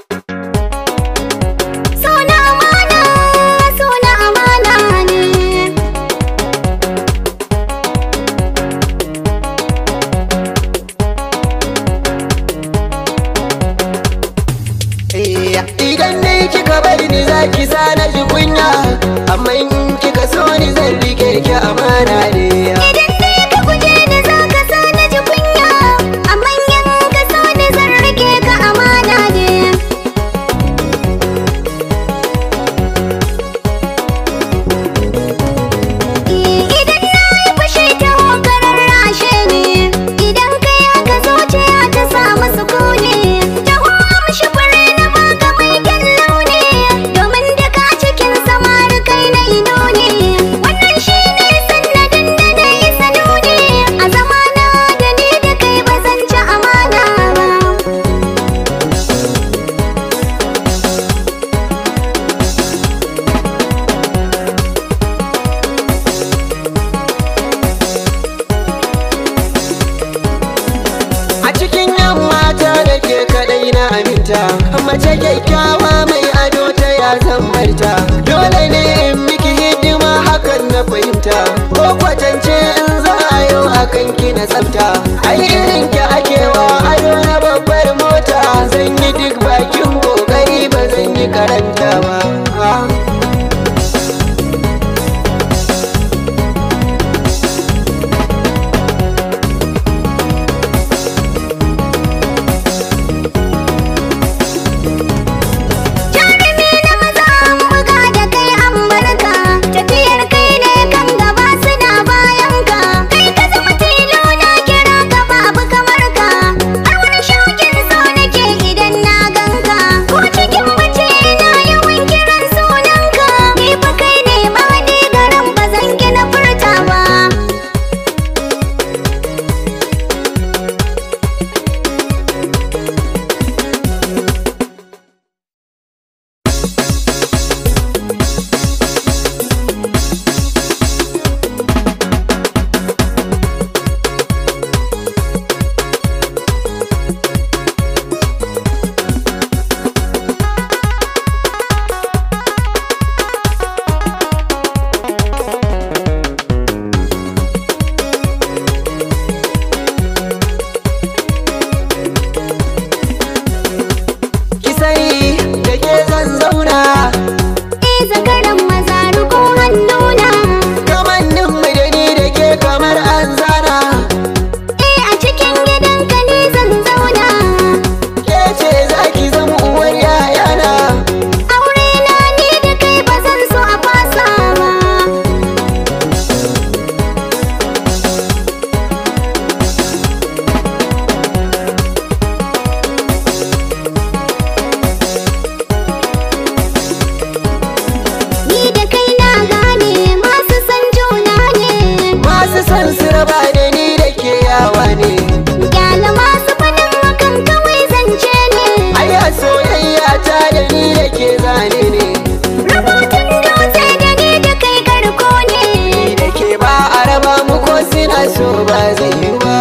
Thank you. ta mace kyakkyawa mai ado ta ya zan ta, dole ne in miki hidima hakan na fahimta ko kwatance in za a yau akan ki na tsafta ai irin ki ake wa so rise, and you ba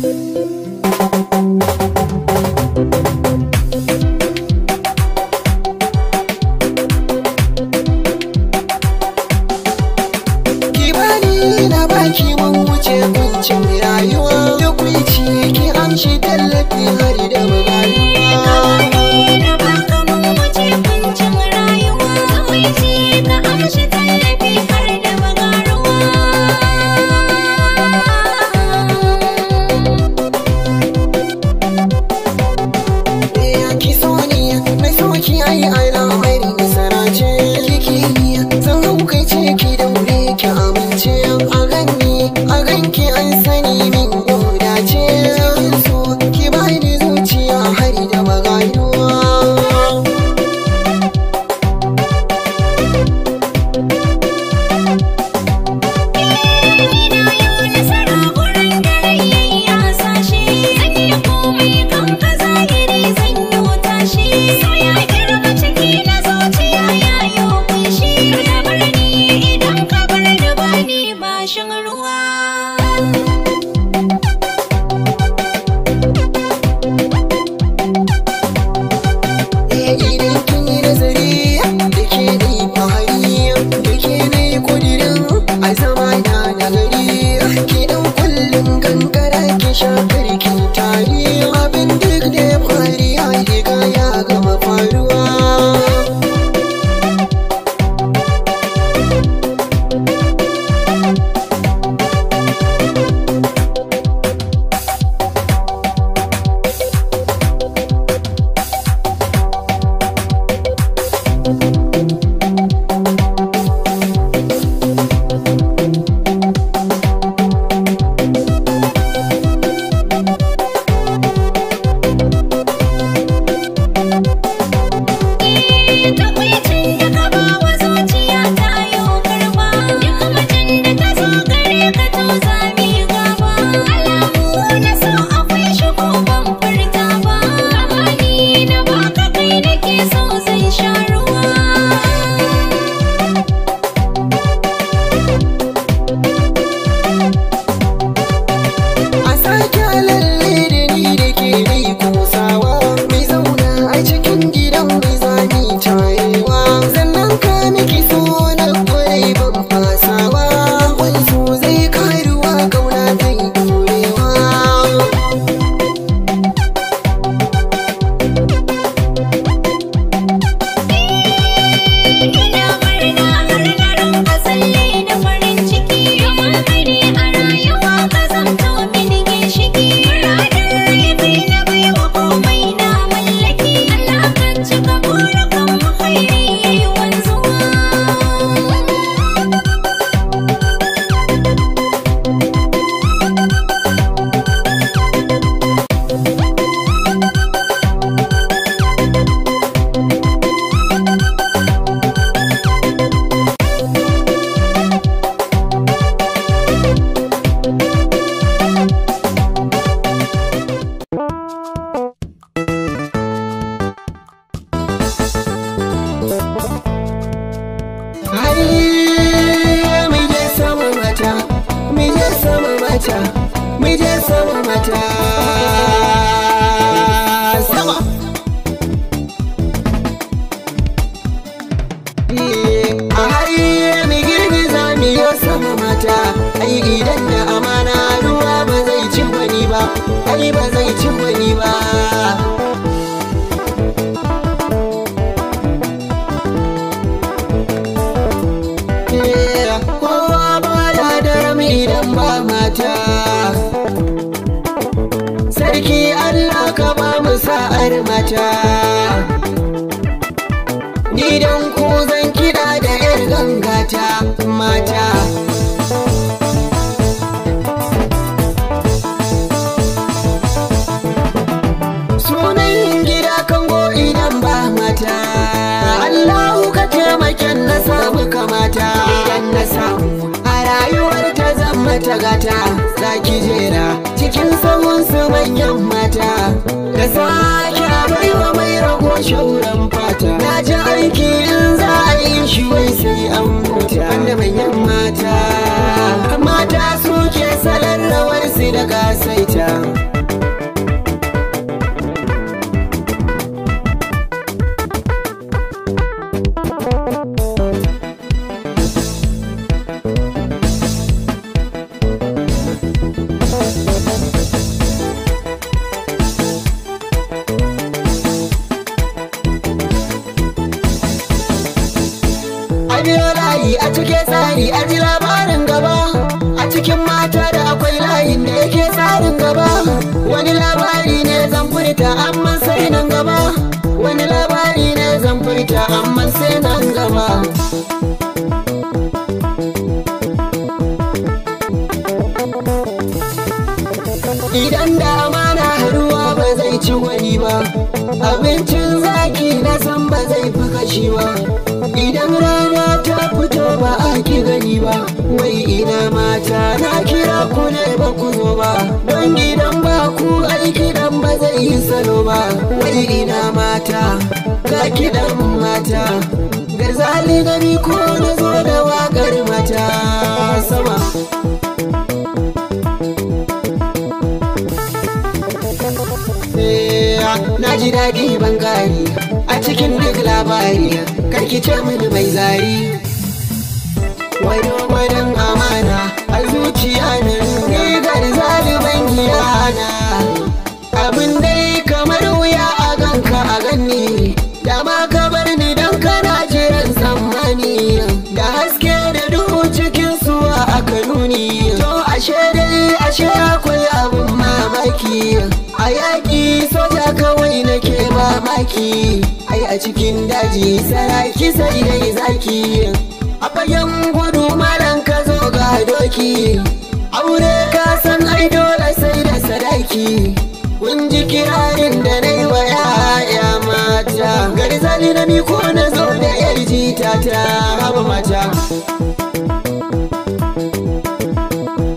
thank you ai ba zai ci wani ba kowa baya da rami idan ba mata sarki allah ka ba sa'ar mata ni dan ku zan kiɗa da 'yar gangata mata mata gata zaki jera cikin samun su manyan mata da sake baiwa mai rago shauran fata na ji aiki in za a yi shi wai sai an huta da manyan mata mata suke salon rawar su da saita a cike tsari a ji labarin gaba a cikin mata da akwai layin da yake tsarin gaba wani labari ne zan furta amma sai nan gaba wani labari ne zan furta amma sai nan gaba idan da amana ruwa ba zai ci wani ba abincin zaki na san ba zai fi kashi ba idan rana ta fi ba a ki gani ba wai ina mata na kira ku ne ba ku zo ba don gidan ba ku aiki dan ba zai yi salo ba wai ina mata ka kidan mata garzali gani ko na zo da wakar mata sama eh, na ji daɗi bangare a cikin duk labari karki ce mini mai zari wayo gwarin amana a zuciya na rigar zaliban gidana abin dai kamar wuya a ganka a Da ma ka bar ni don kana jiran tsammani da haske da duhu cikin suwa a kanuni to ashe dai ashe akwai abin mamaki a yaƙi soja kawai nake mamaki ai a cikin daji sadaki sai dai zaki a fagen gudu malan ka zo ga doki aure ka san ai dole sai da sadaki kun ji kirarin da na yi wa ya'ya mata gari zali na miko na zo da yar jita ta haba mata